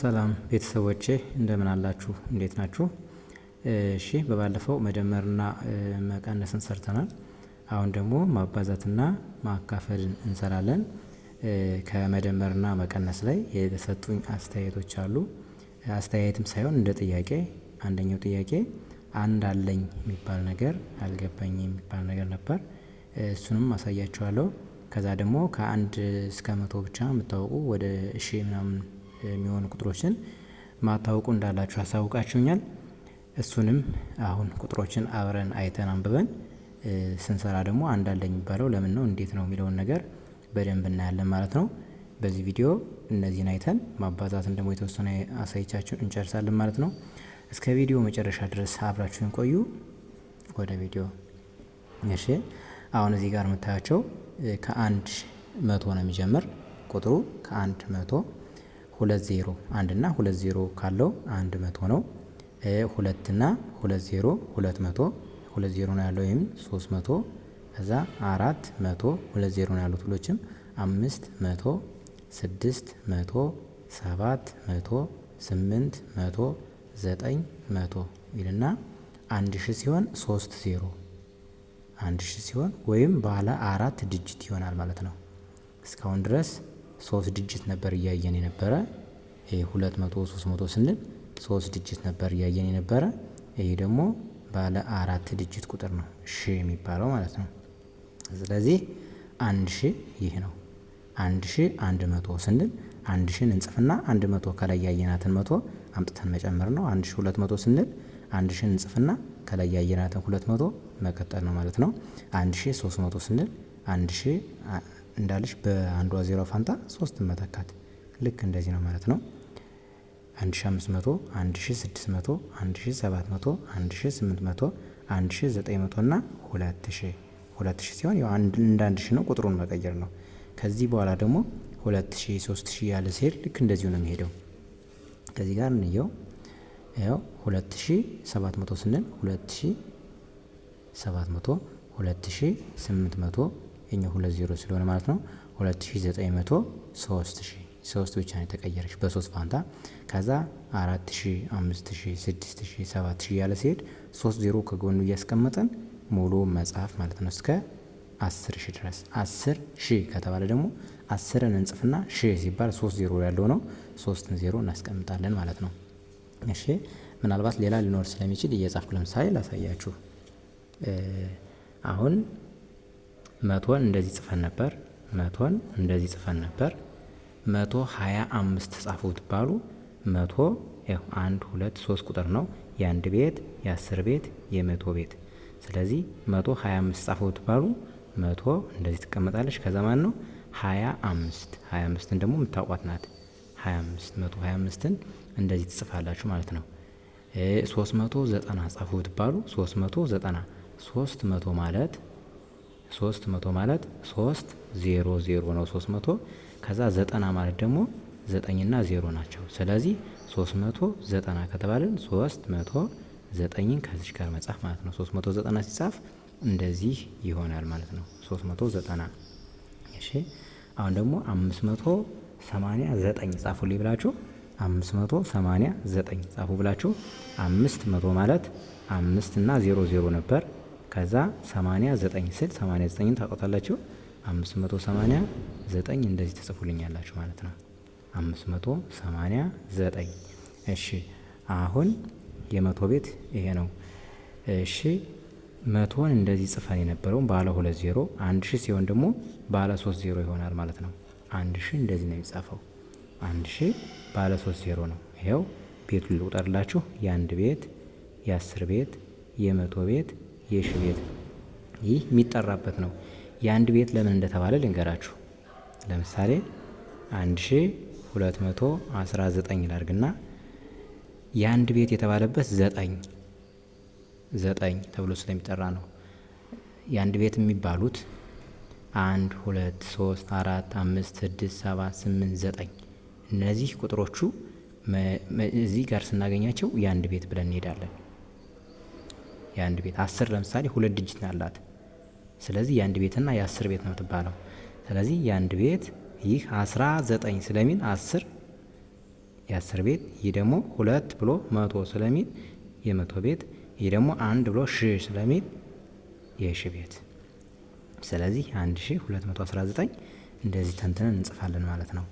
ሰላም ቤተሰቦቼ እንደምን አላችሁ? እንዴት ናችሁ? እሺ በባለፈው መደመርና መቀነስን ሰርተናል። አሁን ደግሞ ማባዛትና ማካፈልን እንሰራለን። ከመደመርና መቀነስ ላይ የተሰጡኝ አስተያየቶች አሉ። አስተያየትም ሳይሆን እንደ ጥያቄ። አንደኛው ጥያቄ አንድ አለኝ የሚባል ነገር አልገባኝ የሚባል ነገር ነበር። እሱንም አሳያችኋለሁ። ከዛ ደግሞ ከአንድ እስከ መቶ ብቻ የምታወቁ ወደ እሺ ምናምን የሚሆኑ ቁጥሮችን ማታወቁ እንዳላችሁ አሳውቃችሁኛል። እሱንም አሁን ቁጥሮችን አብረን አይተን አንብበን ስንሰራ ደግሞ አንዳንድ የሚባለው ለምን ነው እንዴት ነው የሚለውን ነገር በደንብ እናያለን ማለት ነው። በዚህ ቪዲዮ እነዚህን አይተን ማባዛትን ደግሞ የተወሰነ አሳይቻችሁ እንጨርሳለን ማለት ነው። እስከ ቪዲዮ መጨረሻ ድረስ አብራችሁን ቆዩ። ወደ ቪዲዮ እሺ። አሁን እዚህ ጋር የምታያቸው ከአንድ መቶ ነው የሚጀምር ቁጥሩ ከአንድ መቶ ሁለት ዜሮ አንድ እና ሁለት ዜሮ ካለው አንድ መቶ ነው። ሁለት እና ሁለት ዜሮ ሁለት መቶ ሁለት ዜሮ ነው ያለው ወይም ሶስት መቶ ከዛ አራት መቶ ሁለት ዜሮ ነው ያሉት ሁሎችም አምስት መቶ ስድስት መቶ ሰባት መቶ ስምንት መቶ ዘጠኝ መቶ ይልና አንድ ሺ ሲሆን ሶስት ዜሮ አንድ ሺ ሲሆን ወይም ባለ አራት ድጅት ይሆናል ማለት ነው። እስካሁን ድረስ ሶስት ድጅት ነበር እያየን የነበረ ይሄ ሁለት መቶ ሶስት መቶ ስንል ሶስት ድጅት ነበር እያየን የነበረ። ይሄ ደግሞ ባለ አራት ድጅት ቁጥር ነው ሺ የሚባለው ማለት ነው። ስለዚህ አንድ ሺ ይህ ነው። አንድ ሺ አንድ መቶ ስንል አንድ ሺን እንጽፍና አንድ መቶ ከላይ ያየናትን መቶ አምጥተን መጨመር ነው። አንድ ሺ ሁለት መቶ ስንል አንድ ሺን እንጽፍና ከላይ ያየናትን ሁለት መቶ መቀጠል ነው ማለት ነው። አንድ ሺ ሶስት መቶ ስንል አንድ ሺ እንዳለች በአንዷ ዜሮ ፋንታ ሶስት መተካት ልክ እንደዚህ ነው ማለት ነው። 1500፣ 1600፣ 1700፣ 1800፣ 1900 2000 ሲሆን ያው አንድ እንደ 1000 ነው ቁጥሩን መቀየር ነው። ከዚህ በኋላ ደግሞ 2000፣ 3000 ያለ ሲሄድ ልክ እንደዚሁ ነው የሚሄደው። ከዚህ ጋር እንየው። ያው 2700 ስንል 2700፣ 2800 ይሄኛው ሁለት ዜሮ ስለሆነ ማለት ነው 2900 3 ብቻ ነው የተቀየረች በ3 ፋንታ ከዛ 4000 5000 ያለ ሲሄድ 3 ዜሮ ከጎኑ እያስቀመጠን ሙሉ መጽሐፍ ማለት ነው እስከ 10000 ድረስ 10000 ከተባለ ደግሞ 10ን እንጽፍና ሺህ ሲባል 3 ዜሮ ያለው ነው 3 ዜሮ እናስቀምጣለን ማለት ነው። እሺ ምናልባት ሌላ ሊኖር ስለሚችል እየጻፍኩ ለምሳሌ ላሳያችሁ አሁን መቶን እንደዚህ ጽፈን ነበር፣ መቶን እንደዚህ ጽፈን ነበር። መቶ ሀያ አምስት ጻፉ ብትባሉ መቶ ያው አንድ ሁለት ሶስት ቁጥር ነው የአንድ ቤት የአስር ቤት የመቶ ቤት። ስለዚህ መቶ ሀያ አምስት ጻፉ ብትባሉ መቶ እንደዚህ ትቀመጣለች። ከዛ ማን ነው ሀያ አምስት ሀያ አምስትን ደግሞ የምታውቋት ናት። ሀያ አምስት መቶ ሀያ አምስትን እንደዚህ ትጽፋላችሁ ማለት ነው። ሶስት መቶ ዘጠና ጻፉ ብትባሉ ሶስት መቶ ዘጠና ሶስት መቶ ማለት ሶስት መቶ ማለት ሶስት ዜሮ ዜሮ ነው ሶስት መቶ ከዛ ዘጠና ማለት ደግሞ ዘጠኝና ዜሮ ናቸው። ስለዚህ ሶስት መቶ ዘጠና ከተባለን ሶስት መቶ ዘጠኝን ከዚች ጋር መጻፍ ማለት ነው። ሶስት መቶ ዘጠና ሲጻፍ እንደዚህ ይሆናል ማለት ነው። ሶስት መቶ ዘጠና እሺ። አሁን ደግሞ አምስት መቶ ሰማንያ ዘጠኝ ጻፉልኝ ብላችሁ አምስት መቶ ዘጠኝ ጻፉ ብላችሁ አምስት መቶ ማለት አምስት እና ዜሮ ዜሮ ነበር ከዛ 89 ስል 89ን 589 እንደዚህ ትጽፉልኛላችሁ ማለት ነው። 589 እሺ፣ አሁን የመቶ ቤት ይሄ ነው። እሺ መቶን እንደዚህ ጽፈን የነበረውን ባለ ሁለት ዜሮ አንድ ሺ ሲሆን ደግሞ ባለ ሶስት ዜሮ ይሆናል ማለት ነው። አንድ ሺ እንደዚህ ነው የሚጻፈው። አንድ ሺ ባለ ሶስት ዜሮ ነው። ይኸው ቤቱን ልቁጠርላችሁ የአንድ ቤት የአስር ቤት የመቶ ቤት የሺ ቤት ይህ የሚጠራበት ነው። የአንድ ቤት ለምን እንደተባለ ልንገራችሁ። ለምሳሌ 1219 ላርግና የአንድ ቤት የተባለበት ዘጠኝ ዘጠኝ ተብሎ ስለሚጠራ ነው። የአንድ ቤት የሚባሉት አንድ ሁለት ሶስት አራት አምስት ስድስት ሰባት ስምንት ዘጠኝ እነዚህ ቁጥሮቹ እዚህ ጋር ስናገኛቸው የአንድ ቤት ብለን እንሄዳለን። የአንድ ቤት አስር ለምሳሌ ሁለት ነው አላት። ስለዚህ የአንድ ቤትና የአስር ቤት ነው የምትባለው። ስለዚህ የአንድ ቤት ይህ አስራ ዘጠኝ ስለሚል አስር የአስር ቤት ይህ ደግሞ ሁለት ብሎ መቶ ስለሚል የመቶ ቤት ይህ ደግሞ አንድ ብሎ ሺ ስለሚል የሺ ቤት። ስለዚህ አንድ ሺ ሁለት መቶ አስራ ዘጠኝ እንደዚህ ተንትነን እንጽፋለን ማለት ነው።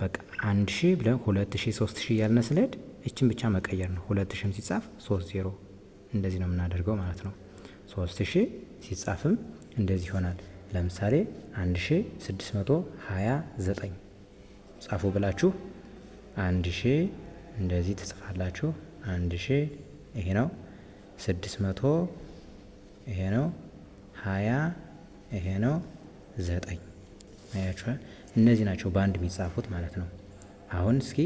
በቃ አንድ ሺ ብለን ሁለት ሺ ሶስት ሺ ያልነስለድ ስንሄድ እችን ብቻ መቀየር ነው። ሁለት ሺም ሲጻፍ ሶስት ዜሮ እንደዚህ ነው የምናደርገው ማለት ነው። ሶስት ሺ ሲጻፍም እንደዚህ ይሆናል። ለምሳሌ 1629 ጻፉ ብላችሁ አንድ ሺ እንደዚህ ትጽፋላችሁ። አንድ ሺ ይሄ ነው። 600 ይሄ ነው። 20 ይሄ ነው። 9 አያችኋል። እነዚህ ናቸው በአንድ የሚጻፉት ማለት ነው። አሁን እስኪ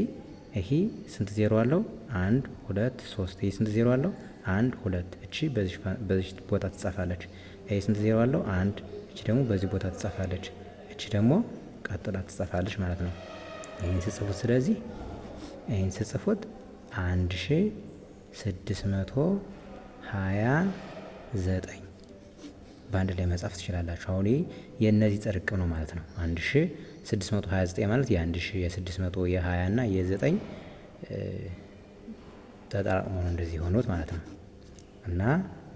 ይሄ ስንት ዜሮ አለው? አንድ ሁለት ሶስት። ይሄ ስንት ዜሮ አለው? አንድ ሁለት እቺ በዚህ ቦታ ትጻፋለች። ይሄ ስንት ዜሮ አለው? አንድ። እቺ ደግሞ በዚህ ቦታ ትጻፋለች። እቺ ደግሞ ቀጥላ ትጻፋለች ማለት ነው። ይህን ስጽፉት፣ ስለዚህ ይህን ስጽፉት አንድ ሺ ስድስት መቶ ሀያ ዘጠኝ በአንድ ላይ መጻፍ ትችላላችሁ። አሁን የእነዚህ ጥርቅም ነው ማለት ነው። 1629 ማለት የ1 የ20 እና የ9 ተጠራቅሞ ነው እንደዚህ የሆኑት ማለት ነው። እና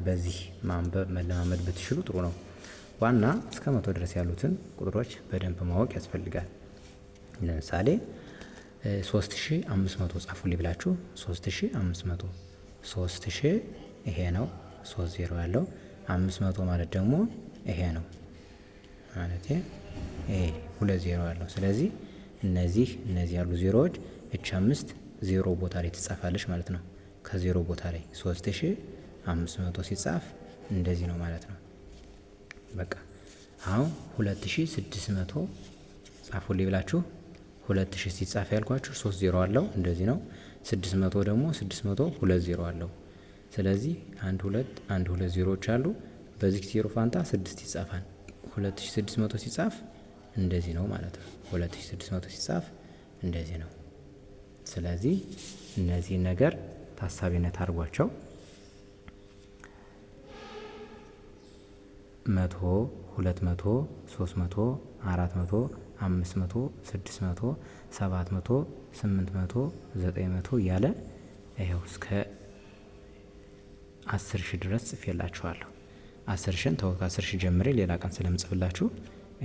በዚህ ማንበብ መለማመድ ብትችሉ ጥሩ ነው። ዋና እስከ መቶ ድረስ ያሉትን ቁጥሮች በደንብ ማወቅ ያስፈልጋል። ለምሳሌ 3500 ጻፉልኝ ብላችሁ 3500 3000 ይሄ ነው 3 ዜሮ ያለው 500 ማለት ደግሞ ይሄ ነው ማለት ይሄ ሁለት ያለው ስለዚህ እነዚህ እነዚህ ያሉ ዜሮዎች እች አምስት ዜሮ ቦታ ላይ ትጻፋለች ማለት ነው። ከዜሮ ቦታ ላይ 3500 ሲጻፍ እንደዚህ ነው ማለት ነው። በቃ አሁን 2600 ጻፉልኝ ብላችሁ 2000 ሲጻፍ ያልኳችሁ 3 ዜሮ አለው እንደዚህ ነው። 600 ደግሞ 600 2 ዜሮ አለው። ስለዚህ 1 2 1 2 ዜሮዎች አሉ። በዚህ ዜሮ ፋንታ 6 ይጻፋል። 2600 ሲጻፍ እንደዚህ ነው ማለት ነው። 2600 ሲጻፍ እንደዚህ ነው። ስለዚህ እነዚህ ነገር ታሳቢነት አድርጓቸው መቶ ሁለት መቶ ሶስት መቶ አራት መቶ አምስት መቶ ስድስት መቶ ሰባት መቶ ስምንት መቶ ዘጠኝ መቶ እያለ ይኸው እስከ አስር ሺ ድረስ ጽፌላችኋለሁ። አስር ሽን ተወ ከአስር ሺ ጀምሬ ሌላ ቀን ስለምጽፍላችሁ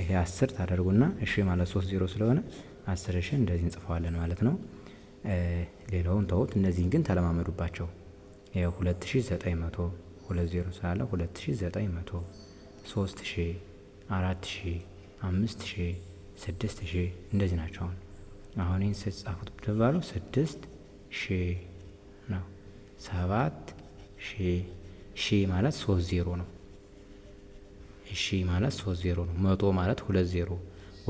ይሄ አስር ታደርጉና እሺ ማለት ሶስት ዜሮ ስለሆነ አስር ሽን እንደዚህ እንጽፈዋለን ማለት ነው። ሌላውን ተውት። እነዚህን ግን ተለማመዱባቸው። ሁለት ሺ ዘጠኝ መቶ ስላለ ሁለት ሺ ሶስት ሺ አራት አምስት ሺ ስድስት እንደዚህ ናቸው። አሁን አሁን ይህን ስትጻፉት ብትባለው ስድስት ነው። 7000 ሺ ማለት ሶስት ዜሮ ነው። ሺ ማለት ሶስት ዜሮ ነው። መቶ ማለት ሁለት ዜሮ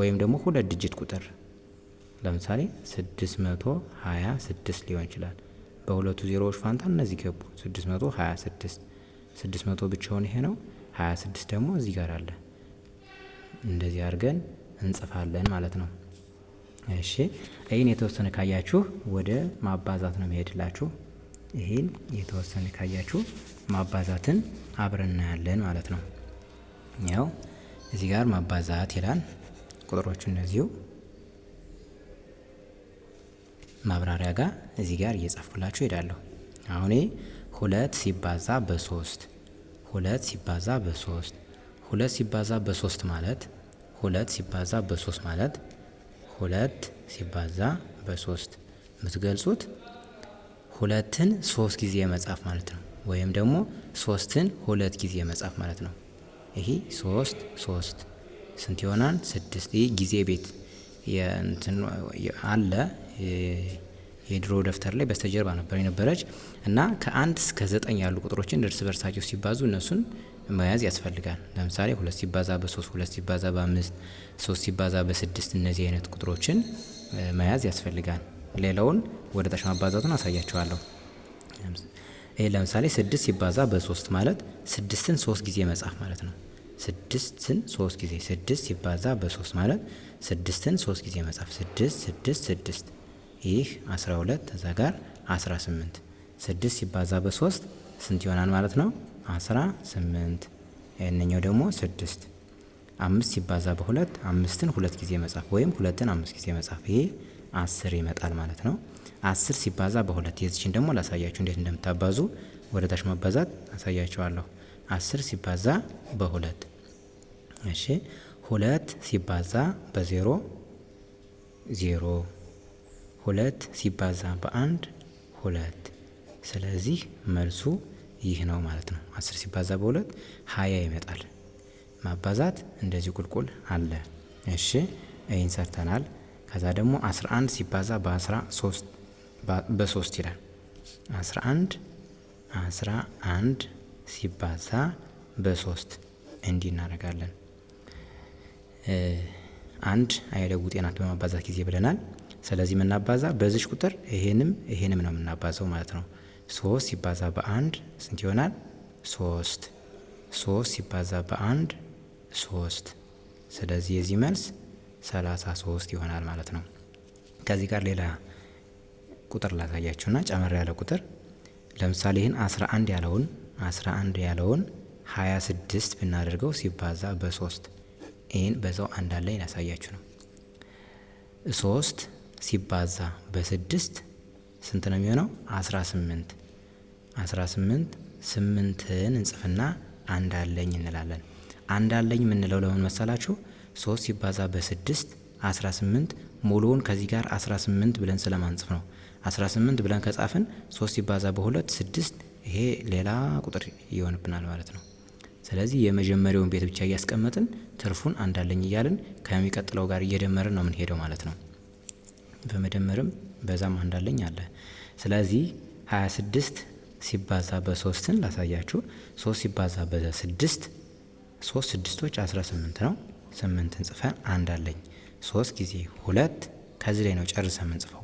ወይም ደግሞ ሁለት ዲጂት ቁጥር ለምሳሌ 626 ሊሆን ይችላል። በሁለቱ ዜሮዎች ፋንታ እነዚህ ገቡ። 626 600 ብቻውን ይሄ ነው። 26 ደግሞ እዚህ ጋር አለ። እንደዚህ አድርገን እንጽፋለን ማለት ነው። እሺ ይህን የተወሰነ ካያችሁ ወደ ማባዛት ነው የሚሄድላችሁ። ይህን የተወሰነ ካያችሁ ማባዛትን አብረን እናያለን ማለት ነው። ያው እዚህ ጋር ማባዛት ይላል። ቁጥሮቹ እነዚሁ ማብራሪያ ጋር እዚህ ጋር እየጻፍኩላችሁ ሄዳለሁ። አሁኔ ሁለት ሲባዛ በሶስት ሁለት ሲባዛ በሶስት ሁለት ሲባዛ በሶስት ማለት ሁለት ሲባዛ በሶስት ማለት ሁለት ሲባዛ በሶስት የምትገልጹት ሁለትን ሶስት ጊዜ መጻፍ ማለት ነው። ወይም ደግሞ ሶስትን ሁለት ጊዜ መጻፍ ማለት ነው። ይሄ ሶስት ሶስት ስንት ይሆናል? ስድስት። ይህ ጊዜ ቤት አለ የድሮ ደብተር ላይ በስተጀርባ ነበር የነበረች እና ከአንድ እስከ ዘጠኝ ያሉ ቁጥሮችን እርስ በርሳቸው ሲባዙ እነሱን መያዝ ያስፈልጋል። ለምሳሌ ሁለት ሲባዛ በሶስት ሁለት ሲባዛ በአምስት ሶስት ሲባዛ በስድስት እነዚህ አይነት ቁጥሮችን መያዝ ያስፈልጋል። ሌላውን ወደ ታች ማባዛቱን አሳያቸዋለሁ። ይህ ለምሳሌ ስድስት ሲባዛ በሶስት ማለት ስድስትን ሶስት ጊዜ መጻፍ ማለት ነው። ስድስትን ሶስት ጊዜ ስድስት ሲባዛ በሶስት ማለት ስድስትን ሶስት ጊዜ መጻፍ ስድስት ስድስት ስድስት ይህ 12 እዛ ጋር 18 ስድስት ሲባዛ በሶስት ስንት ይሆናል ማለት ነው? 18 ያንኛው ደግሞ ስድስት አምስት ሲባዛ በሁለት አምስትን ሁለት ጊዜ መጻፍ ወይም ሁለትን አምስት ጊዜ መጻፍ ይሄ አስር ይመጣል ማለት ነው። አስር ሲባዛ በሁለት የዚችን ደግሞ ላሳያችሁ እንዴት እንደምታባዙ ወደ ታች ማባዛት አሳያችኋለሁ። አስር ሲባዛ በሁለት እሺ፣ ሁለት ሲባዛ በዜሮ ዜሮ ሁለት ሲባዛ በአንድ ሁለት። ስለዚህ መልሱ ይህ ነው ማለት ነው። አስር ሲባዛ በሁለት ሀያ ይመጣል። ማባዛት እንደዚህ ቁልቁል አለ። እሺ ይህን ሰርተናል። ከዛ ደግሞ አስራ አንድ ሲባዛ በአስራ ሶስት በሶስት ይላል። አስራ አንድ አስራ አንድ ሲባዛ በሶስት እንዲ እናደርጋለን። አንድ አይለው ጤናት በማባዛት ጊዜ ብለናል። ስለዚህ የምናባዛ በዚች ቁጥር ይሄንም ይሄንም ነው የምናባዘው ማለት ነው። ሶስት ሲባዛ በአንድ ስንት ይሆናል? ሶስት ሶስት ሲባዛ በአንድ ሶስት። ስለዚህ የዚህ መልስ ሰላሳ ሶስት ይሆናል ማለት ነው። ከዚህ ጋር ሌላ ቁጥር ላሳያችሁና ጨመር ያለ ቁጥር ለምሳሌ ይህን አስራ አንድ ያለውን አስራ አንድ ያለውን ሀያ ስድስት ብናደርገው ሲባዛ በሶስት ይህን በዛው አንዳለኝ ላሳያችሁ ነው ሶስት ሲባዛ በስድስት ስንት ነው የሚሆነው? አስራ ስምንት አስራ ስምንት ስምንትን እንጽፍና አንድ አለኝ እንላለን። አንድ አለኝ የምንለው ለምን መሰላችሁ? ሶስት ሲባዛ በስድስት አስራ ስምንት ሙሉውን ከዚህ ጋር አስራ ስምንት ብለን ስለማንጽፍ ነው። አስራ ስምንት ብለን ከጻፍን ሶስት ሲባዛ በሁለት ስድስት ይሄ ሌላ ቁጥር ይሆንብናል ማለት ነው። ስለዚህ የመጀመሪያውን ቤት ብቻ እያስቀመጥን ትርፉን አንዳለኝ እያልን ከሚቀጥለው ጋር እየደመርን ነው የምንሄደው ማለት ነው። በመደመርም በዛም አንዳለኝ አለ። ስለዚህ 26 ሲባዛ በሶስትን ላሳያችሁ። ሶስት ሲባዛ በስድስት ሶስት ስድስቶች 18 ነው። ስምንትን ጽፈን አንዳለኝ ሶስት ጊዜ ሁለት ከዚህ ላይ ነው ጨርሰ የምንጽፈው።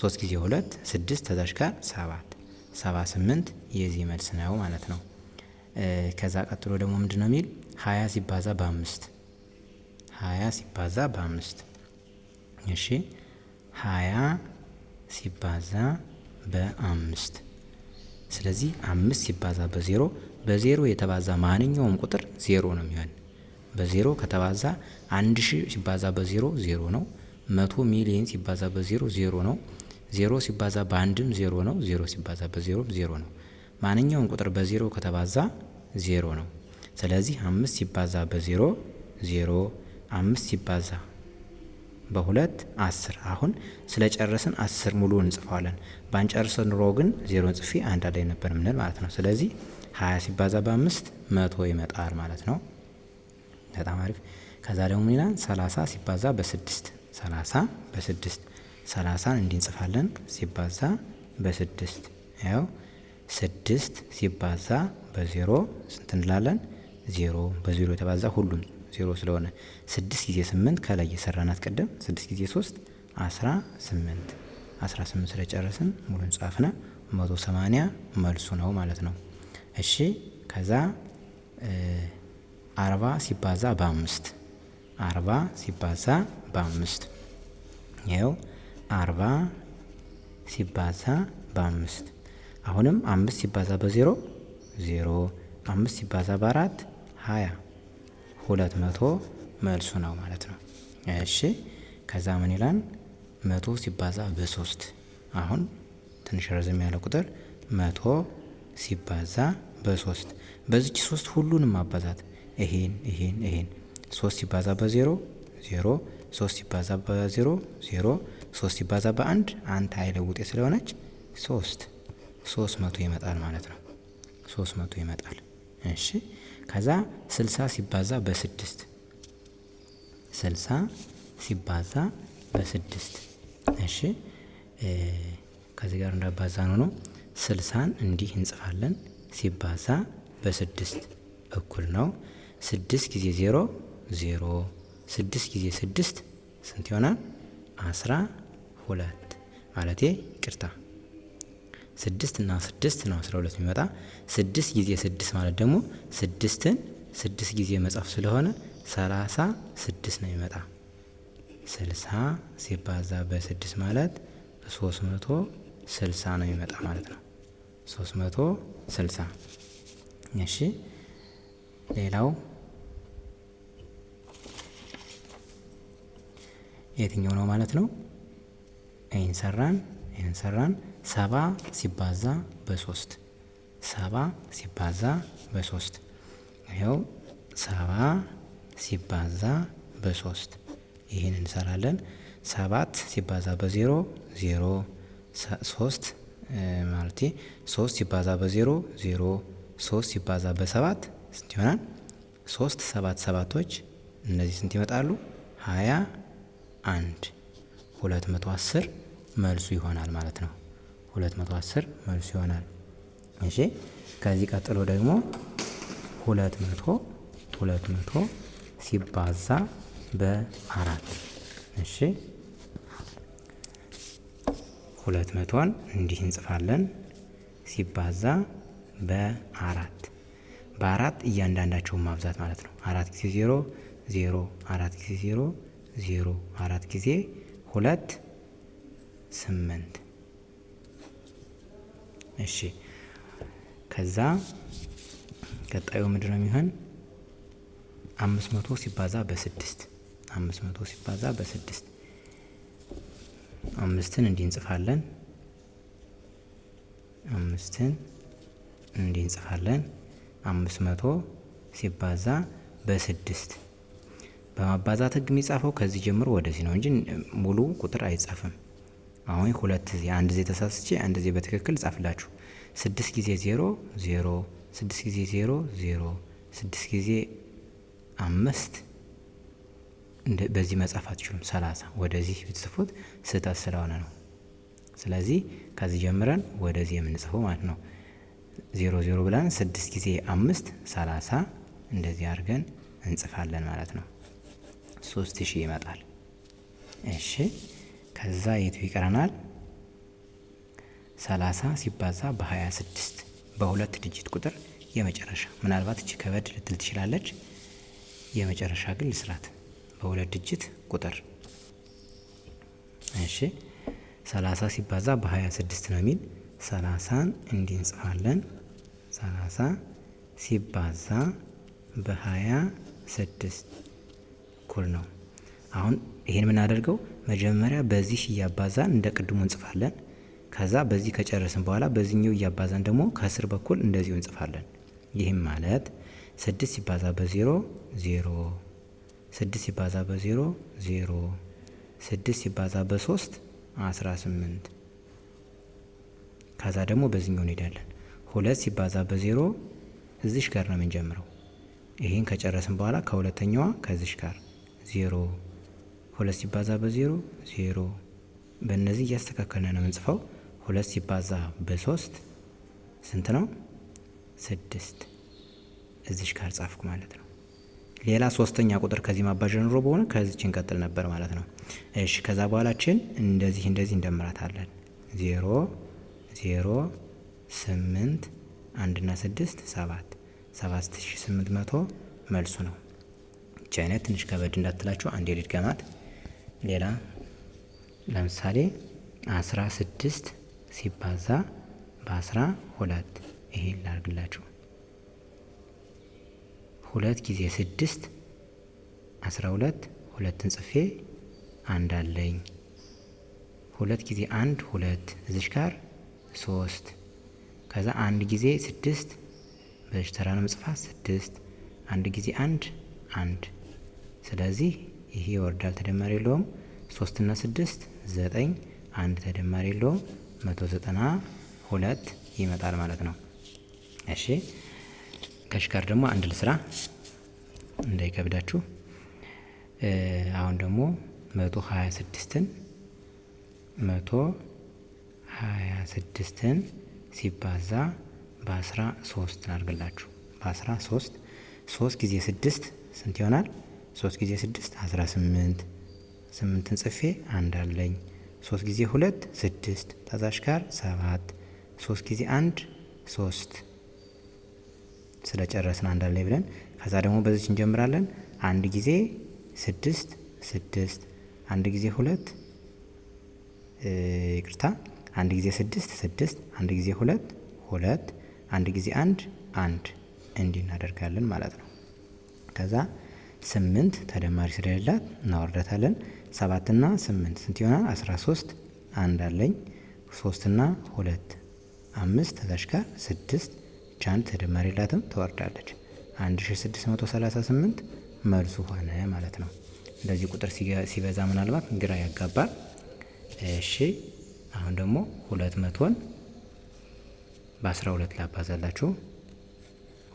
ሶስት ጊዜ ሁለት ስድስት ተዛሽ ጋር ሰባት ሰባ ስምንት የዚህ መልስ ነው ማለት ነው። ከዛ ቀጥሎ ደግሞ ምንድን ነው የሚል ሀያ ሲባዛ በአምስት ሀያ ሲባዛ በአምስት እሺ ሀያ ሲባዛ በአምስት ስለዚህ አምስት ሲባዛ በዜሮ በዜሮ የተባዛ ማንኛውም ቁጥር ዜሮ ነው የሚሆን። በዜሮ ከተባዛ አንድ ሺ ሲባዛ በዜሮ ዜሮ ነው። መቶ ሚሊየን ሲባዛ በዜሮ ዜሮ ነው። ዜሮ ሲባዛ በአንድም ዜሮ ነው። ዜሮ ሲባዛ በዜሮም ዜሮ ነው። ማንኛውም ቁጥር በዜሮ ከተባዛ ዜሮ ነው። ስለዚህ አምስት ሲባዛ በዜሮ ዜሮ፣ አምስት ሲባዛ በሁለት አስር አሁን ስለጨረስን አስር ሙሉ እንጽፈዋለን። ባንጨርሰ ኑሮ ግን ዜሮ እንጽፌ አንድ ላይ ነበር ምንል ማለት ነው። ስለዚህ ሀያ ሲባዛ በአምስት መቶ ይመጣል ማለት ነው። በጣም አሪፍ። ከዛ ደግሞ ሚና ሰላሳ ሲባዛ በስድስት ሰላሳ በስድስት ሰላሳን እንዲንጽፋለን ሲባዛ በስድስት ያው ስድስት ሲባዛ በዜሮ ስንት እንላለን? ዜሮ በዜሮ የተባዛ ሁሉም ዜሮ ስለሆነ ስድስት ጊዜ ስምንት ከላይ የሰራናት ቀደም ስድስት ጊዜ ሶስት አስራ ስምንት አስራ ስምንት ስለጨረስን ሙሉን ጻፍነ መቶ ሰማኒያ መልሱ ነው ማለት ነው። እሺ ከዛ አርባ ሲባዛ በአምስት አርባ ሲባዛ በአምስት ይኸው አርባ ሲባዛ በአምስት አሁንም አምስት ሲባዛ በዜሮ ዜሮ አምስት ሲባዛ በአራት ሀያ ሁለት መቶ መልሱ ነው ማለት ነው። እሺ ከዛ ምን ይላል? መቶ ሲባዛ በሶስት አሁን ትንሽ ረዘም ያለ ቁጥር መቶ ሲባዛ በሶስት በዚች ሶስት ሁሉንም ማባዛት ይሄን ይሄን ይሄን ሶስት ሲባዛ በዜሮ ዜሮ ሶስት ሲባዛ በዜሮ ዜሮ ሶስት ሲባዛ በአንድ አንድ ኃይለ ውጤ ስለሆነች ሶስት ሶስት መቶ ይመጣል ማለት ነው። ሶስት መቶ ይመጣል። እሺ ከዛ ስልሳ ሲባዛ በስድስት 60 ሲባዛ በስድስት እሺ ከዚህ ጋር እንዳባዛ ነው ነው ስልሳን እንዲህ እንጽፋለን ሲባዛ በስድስት እኩል ነው ስድስት ጊዜ ዜሮ ዜሮ ስድስት ጊዜ ስድስት ስንት ይሆናል? አስራ ሁለት ማለቴ ይቅርታ ስድስት እና ስድስት ነው አስራ ሁለት የሚመጣ ስድስት ጊዜ ስድስት ማለት ደግሞ ስድስትን ስድስት ጊዜ መጻፍ ስለሆነ ሰላሳ ስድስት ነው የሚመጣ ስልሳ ሲባዛ በስድስት ማለት ሶስት መቶ ስልሳ ነው የሚመጣ ማለት ነው። ሶስት መቶ ስልሳ እሺ። ሌላው የትኛው ነው ማለት ነው? ይህን ሰራን። ይህን ሰራን። ሰባ ሲባዛ በሶስት ሰባ ሲባዛ በሶስት ይኸው ሰባ ሲባዛ በሶስት ይህን እንሰራለን። ሰባት ሲባዛ በዜሮ ዜሮ ሶስት ማለት ሶስት ሲባዛ በዜሮ ዜሮ ሶስት ሲባዛ በሰባት ስንት ይሆናል? ሶስት ሰባት ሰባቶች እነዚህ ስንት ይመጣሉ? ሀያ አንድ ሁለት መቶ አስር መልሱ ይሆናል ማለት ነው። 210 መልሱ ይሆናል። እሺ ከዚህ ቀጥሎ ደግሞ 200 200 ሲባዛ በአራት እሺ 200ን እንዲህ እንጽፋለን ሲባዛ በአራት በአራት እያንዳንዳቸውን ማብዛት ማለት ነው። አራት ጊዜ ዜሮ ዜሮ አራት ጊዜ ዜሮ ዜሮ አራት ጊዜ ሁለት ስምንት እሺ ከዛ ቀጣዩ ምድር ነው የሚሆን? አምስት መቶ ሲባዛ በስድስት አምስት መቶ ሲባዛ በስድስት አምስትን እንዲህ እንጽፋለን። አምስትን እንዲህ እንጽፋለን። አምስት መቶ ሲባዛ በስድስት በማባዛት ህግ የሚጻፈው ከዚህ ጀምሮ ወደዚህ ነው እንጂ ሙሉ ቁጥር አይጻፍም። አሁን ሁለት ጊዜ አንድ ጊዜ ተሳስቼ አንድ ጊዜ በትክክል ጻፍላችሁ። ስድስት ጊዜ ዜሮ ዜሮ ስድስት ጊዜ ዜሮ ዜሮ ስድስት ጊዜ አምስት በዚህ መጻፍ አትችሉም። ሰላሳ ወደዚህ ብትጽፉት ስህተት ስለሆነ ነው። ስለዚህ ከዚህ ጀምረን ወደዚህ የምንጽፈው ማለት ነው። ዜሮ ዜሮ ብለን ስድስት ጊዜ አምስት ሰላሳ እንደዚህ አድርገን እንጽፋለን ማለት ነው። ሶስት ሺህ ይመጣል። እሺ ከዛ የቱ ይቀረናል? 30 ሲባዛ በ26 በሁለት ዲጂት ቁጥር የመጨረሻ ምናልባት እቺ ከበድ ልትል ትችላለች። የመጨረሻ ግን ልስራት በሁለት ዲጂት ቁጥር እሺ 30 ሲባዛ በ26 ነው የሚል 30ን እንዲህ እንጽፋለን። 30 ሲባዛ በ26 እኩል ነው አሁን ይህን የምናደርገው መጀመሪያ በዚህ እያባዛን እንደ ቅድሙ እንጽፋለን። ከዛ በዚህ ከጨረስን በኋላ በዚህኛው እያባዛን ደግሞ ከስር በኩል እንደዚሁ እንጽፋለን። ይህም ማለት ስድስት ሲባዛ በዜሮ ዜሮ፣ ስድስት ሲባዛ በዜሮ ዜሮ፣ ስድስት ሲባዛ በሶስት አስራ ስምንት ከዛ ደግሞ በዚህኛው እንሄዳለን። ሁለት ሲባዛ በዜሮ እዚሽ ጋር ነው የምንጀምረው። ይህን ከጨረስን በኋላ ከሁለተኛዋ ከዚሽ ጋር ዜሮ ሁለት ሲባዛ በዜሮ ዜሮ። በእነዚህ እያስተካከልን ነው የምንጽፈው። ሁለት ሲባዛ በሶስት ስንት ነው? ስድስት። እዚሽ ጻፍኩ ማለት ነው። ሌላ ሶስተኛ ቁጥር ከዚህ ማባዣ ኑሮ በሆነ ከዚች እንቀጥል ነበር ማለት ነው። እሺ ከዛ በኋላችን እንደዚህ እንደዚህ እንደምራታለን። ዜሮ ዜሮ ስምንት አንድና ስድስት ሰባት ሰባት ሺ ስምንት መቶ መልሱ ነው። ብቻ አይነት ትንሽ ከበድ እንዳትላችሁ አንዴ ገማት ሌላ ለምሳሌ አስራ ስድስት ሲባዛ በአስራ ሁለት ይሄን ላርግላችሁ። ሁለት ጊዜ ስድስት አስራ ሁለት ሁለትን ጽፌ አንድ አለኝ። ሁለት ጊዜ አንድ ሁለት እዚሽ ጋር ሶስት ከዛ አንድ ጊዜ ስድስት በሽተራ ነው መጽፋት ስድስት አንድ ጊዜ አንድ አንድ ስለዚህ ይሄ ይወርዳል፣ ተደማሪ የለውም። ሶስት እና ስድስት ዘጠኝ፣ አንድ ተደማሪ የለውም። መቶ ዘጠና ሁለት ይመጣል ማለት ነው። እሺ ከሺ ደግሞ አንድ ልስራ እንዳይከብዳችሁ። አሁን ደግሞ መቶ ሀያ ስድስትን መቶ ሀያ ስድስትን ሲባዛ በአስራ ሶስት አድርግላችሁ በአስራ ሶስት ሶስት ጊዜ ስድስት ስንት ይሆናል? ሶስት ጊዜ ስድስት አስራ ስምንት ስምንትን ጽፌ አንድ አለኝ። ሶስት ጊዜ ሁለት ስድስት ታዛሽ ጋር ሰባት ሶስት ጊዜ አንድ ሶስት ጨረስን አንድ አለኝ ብለን ከዛ ደግሞ በዚች እንጀምራለን። አንድ ጊዜ ስድስት ስድስት አንድ ጊዜ ሁለት ይቅርታ፣ አንድ ጊዜ ስድስት ስድስት አንድ ጊዜ ሁለት ሁለት አንድ ጊዜ አንድ አንድ እንዲህ እናደርጋለን ማለት ነው ከዛ ስምንት ተደማሪ ስለሌላት እናወርዳታለን። ሰባትና ስምንት ስንት ይሆናል? አስራ ሶስት አንድ አለኝ። ሶስትና ሁለት አምስት ከዛች ጋር ስድስት ቻንድ ተደማሪ የላትም ትወርዳለች። አንድ ሺ ስድስት መቶ ሰላሳ ስምንት መልሱ ሆነ ማለት ነው። እንደዚህ ቁጥር ሲበዛ ምናልባት ግራ ያጋባል። እሺ አሁን ደግሞ ሁለት መቶን በአስራ ሁለት ላባዛላችሁ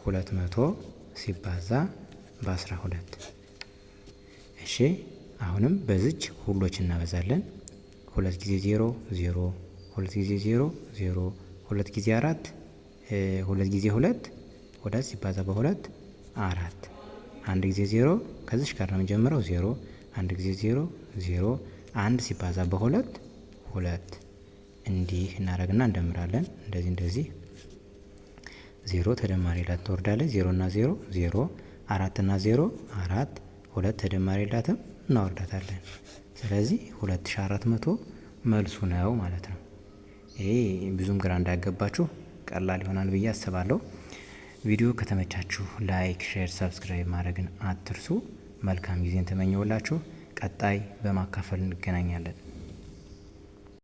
ሁለት መቶ ሲባዛ በአስራ ሁለት እሺ አሁንም በዚች ሁሎች እናበዛለን። ሁለት ጊዜ ዜሮ ዜሮ፣ ሁለት ጊዜ ዜሮ ዜሮ፣ ሁለት ጊዜ አራት፣ ሁለት ጊዜ ሁለት፣ ሁለት ሲባዛ በሁለት አራት። አንድ ጊዜ ዜሮ ከዚች ጋር ነው የምንጀምረው። ዜሮ፣ አንድ ጊዜ ዜሮ ዜሮ፣ አንድ ሲባዛ በሁለት ሁለት። እንዲህ እናደርግና እንደምራለን። እንደዚህ እንደዚህ ዜሮ ተደማሪ ላይ ትወርዳለች። ዜሮ እና ዜሮ ዜሮ አራት እና ዜሮ አራት ሁለት ተደማሪ ዳትም እናወርዳታለን። ስለዚህ 2400 መልሱ ነው ማለት ነው። ይሄ ብዙም ግራ እንዳያገባችሁ ቀላል ይሆናል ብዬ አስባለሁ። ቪዲዮ ከተመቻችሁ ላይክ፣ ሼር፣ ሰብስክራይብ ማድረግን አትርሱ። መልካም ጊዜን ተመኘውላችሁ። ቀጣይ በማካፈል እንገናኛለን።